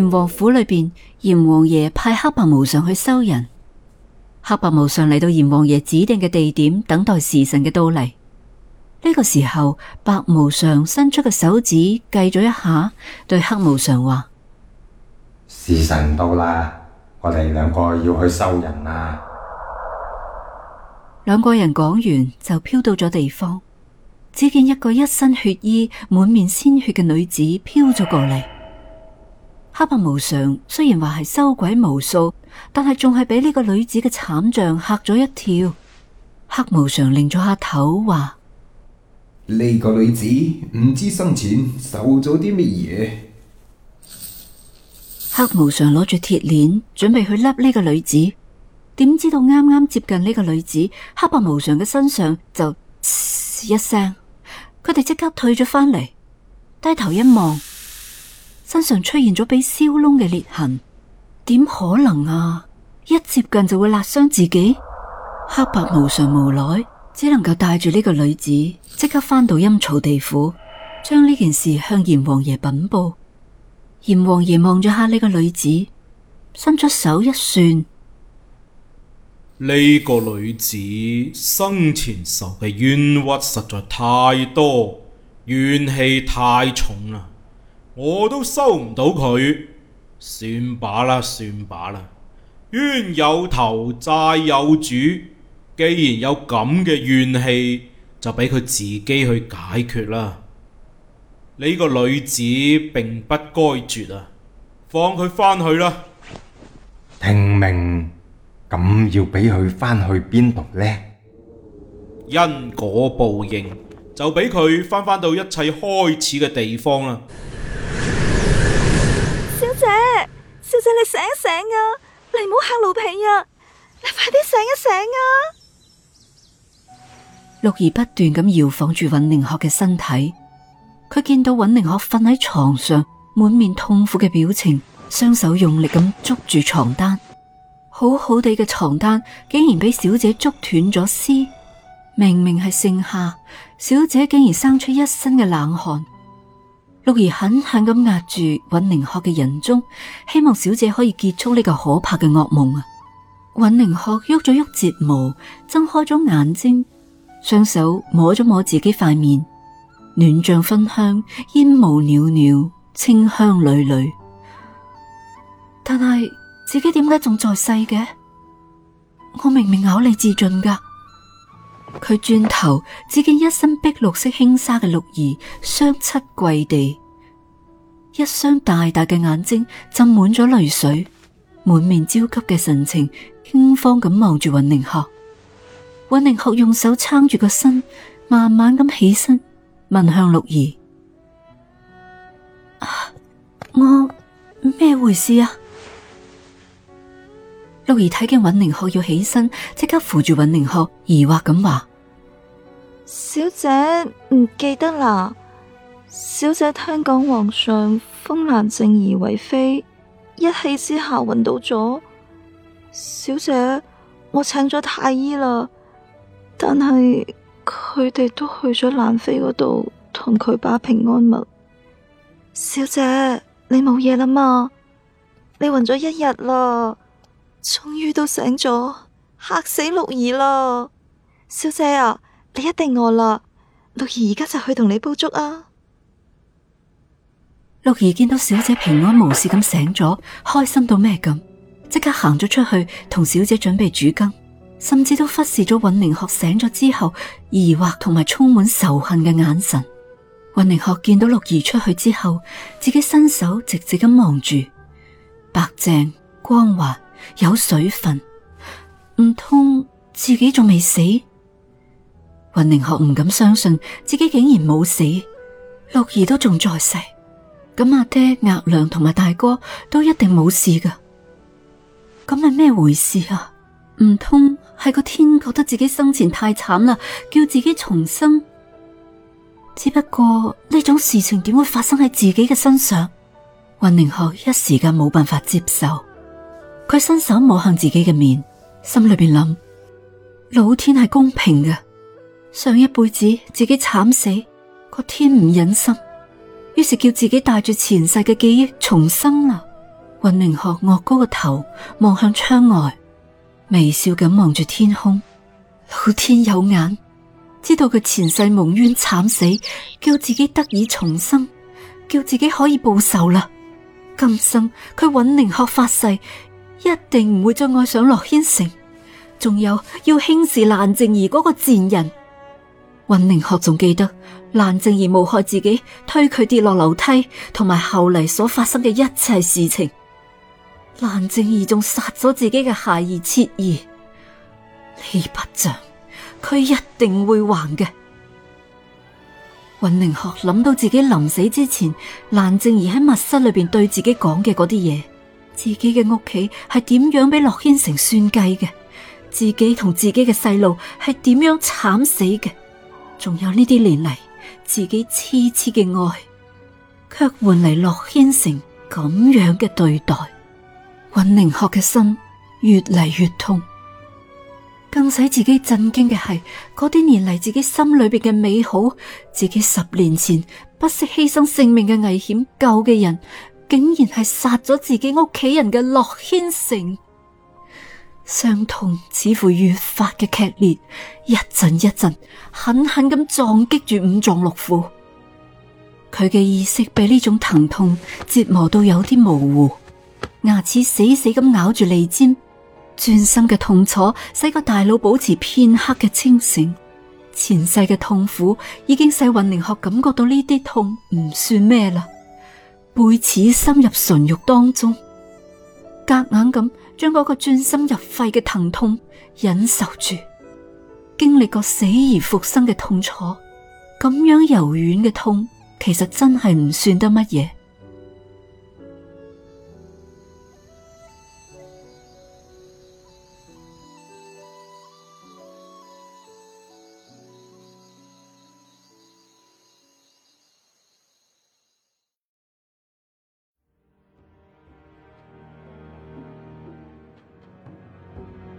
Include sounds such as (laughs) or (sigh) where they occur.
閻王府裏邊，閻王爺派黑白無常去收人。黑白無常嚟到閻王爺指定嘅地點，等待時辰嘅到嚟。呢個時候，白無常伸出嘅手指計咗一下，對黑無常話：時辰到啦，我哋兩個要去收人啦。兩個人講完就飄到咗地方，只見一個一身血衣、滿面鮮血嘅女子飄咗過嚟。黑白無常雖然話係收鬼無數，但係仲係俾呢個女子嘅慘象吓咗一跳。黑無常擰咗下頭，話：呢個女子唔知生前受咗啲乜嘢。黑無常攞住鐵鏈，準備去笠呢個女子，點知道啱啱接近呢個女子，黑白無常嘅身上就嘶一聲，佢哋即刻退咗翻嚟，低頭一望。身上出現咗被燒窿嘅裂痕。點可能啊？一接近就會辣傷自己。黑白無常無奈，只能夠帶住呢個女子即刻返到陰曹地府，將呢件事向閻王爺稟報。閻王爺望咗下呢個女子，伸出手一算，呢個女子生前受嘅冤屈實在太多，怨氣太重啦。我都收唔到佢，算罷啦，算罷啦。冤有頭，債有主。既然有咁嘅怨氣，就俾佢自己去解決啦。呢個女子並不該絕啊，放佢返去啦。聽命咁要俾佢返去邊度呢？因果報應，就俾佢返返到一切開始嘅地方啦。你醒一醒啊！你唔好嚇奴婢啊！你快啲醒一醒啊！綠兒不斷咁搖晃住尹寧鶴嘅身體，佢見到尹寧鶴瞓喺床上，滿面痛苦嘅表情，雙手用力咁捉住床單，好好地嘅床單竟然俾小姐捉斷咗絲，明明係盛夏，小姐竟然生出一身嘅冷汗。六兒狠狠咁壓住尹寧鶴嘅人中，希望小姐可以結束呢個可怕嘅噩夢啊！尹寧鶴喐咗喐睫毛，睜開咗眼睛，雙手摸咗摸自己塊面，暖像熏香，煙霧裊裊，清香縷縷。但係自己點解仲在世嘅？我明明咬你自盡噶。佢轉頭，只見一身碧綠色輕紗嘅六兒雙膝跪地，一雙大大嘅眼睛浸滿咗淚水，滿面焦急嘅神情，驚慌咁望住尹寧鶴。尹寧鶴用手撐住個身，慢慢咁起身，問向六兒： (laughs) 我咩回事啊？六兒睇見尹寧鶴要起身，即刻扶住尹寧鶴，疑惑咁話：小姐唔記得啦。小姐聽講皇上封蘭正而為妃，一氣之下暈倒咗。小姐，我請咗太醫啦，但係佢哋都去咗蘭妃嗰度同佢把平安物。小姐，你冇嘢啦嘛？你暈咗一日啦。終於都醒咗，嚇死六兒啦！小姐啊，你一定餓啦，六兒而家就去同你煲粥啊。六兒見到小姐平安無事咁醒咗，開心到咩咁，即刻行咗出去同小姐準備煮羹，甚至都忽視咗尹寧鶴醒咗之後疑惑同埋充滿仇恨嘅眼神。尹寧鶴見到六兒出去之後，自己伸手直直咁望住，白淨光滑。有水分，唔通，自己仲未死？雲寧學唔敢相信自己竟然冇死，六兒都仲在世，咁阿爹、阿娘同埋大哥都一定冇事噶，咁係咩回事啊？唔通係個天覺得自己生前太慘啦，叫自己重生？只不過呢種事情點會發生喺自己嘅身上？雲寧學一時間冇辦法接受。佢伸手摸向自己嘅面，心裏邊諗：老天係公平嘅，上一輩子自己慘死，個天唔忍心，於是叫自己帶住前世嘅記憶重生啦。尹寧學岳高個頭望向窗外，微笑咁望住天空，老天有眼，知道佢前世蒙冤慘死，叫自己得以重生，叫自己可以報仇啦。今生佢尹寧學發誓。一定唔會再愛上洛軒城，仲有要輕視蘭靜兒嗰個賤人。溫寧學仲記得蘭靜兒誣害自己、推佢跌落樓梯，同埋後嚟所發生嘅一切事情。蘭靜兒仲殺咗自己嘅孩兒切兒，呢筆像，佢一定會還嘅。溫寧學諗到自己臨死之前，蘭靜兒喺密室裏邊對自己講嘅嗰啲嘢。自己嘅屋企係點樣俾洛軒成算計嘅？自己同自己嘅細路係點樣慘死嘅？仲有呢啲年嚟，自己痴痴嘅愛，卻換嚟洛軒成咁樣嘅對待，尹寧學嘅心越嚟越痛。更使自己震驚嘅係，嗰啲年嚟自己心裏邊嘅美好，自己十年前不惜犧牲性命嘅危險救嘅人。竟然係殺咗自己屋企人嘅洛軒城，傷痛似乎越發嘅劇烈，一陣一陣，狠狠咁撞擊住五臟六腑。佢嘅意識被呢種疼痛折磨到有啲模糊，牙齒死死咁咬住脷尖，鑽心嘅痛楚使個大腦保持片刻嘅清醒。前世嘅痛苦已經使云靈學感覺到呢啲痛唔算咩啦。背貝齒深入唇肉當中，夾硬咁將嗰個鑽心入肺嘅疼痛忍受住，經歷過死而復生嘅痛楚，咁樣柔軟嘅痛，其實真係唔算得乜嘢。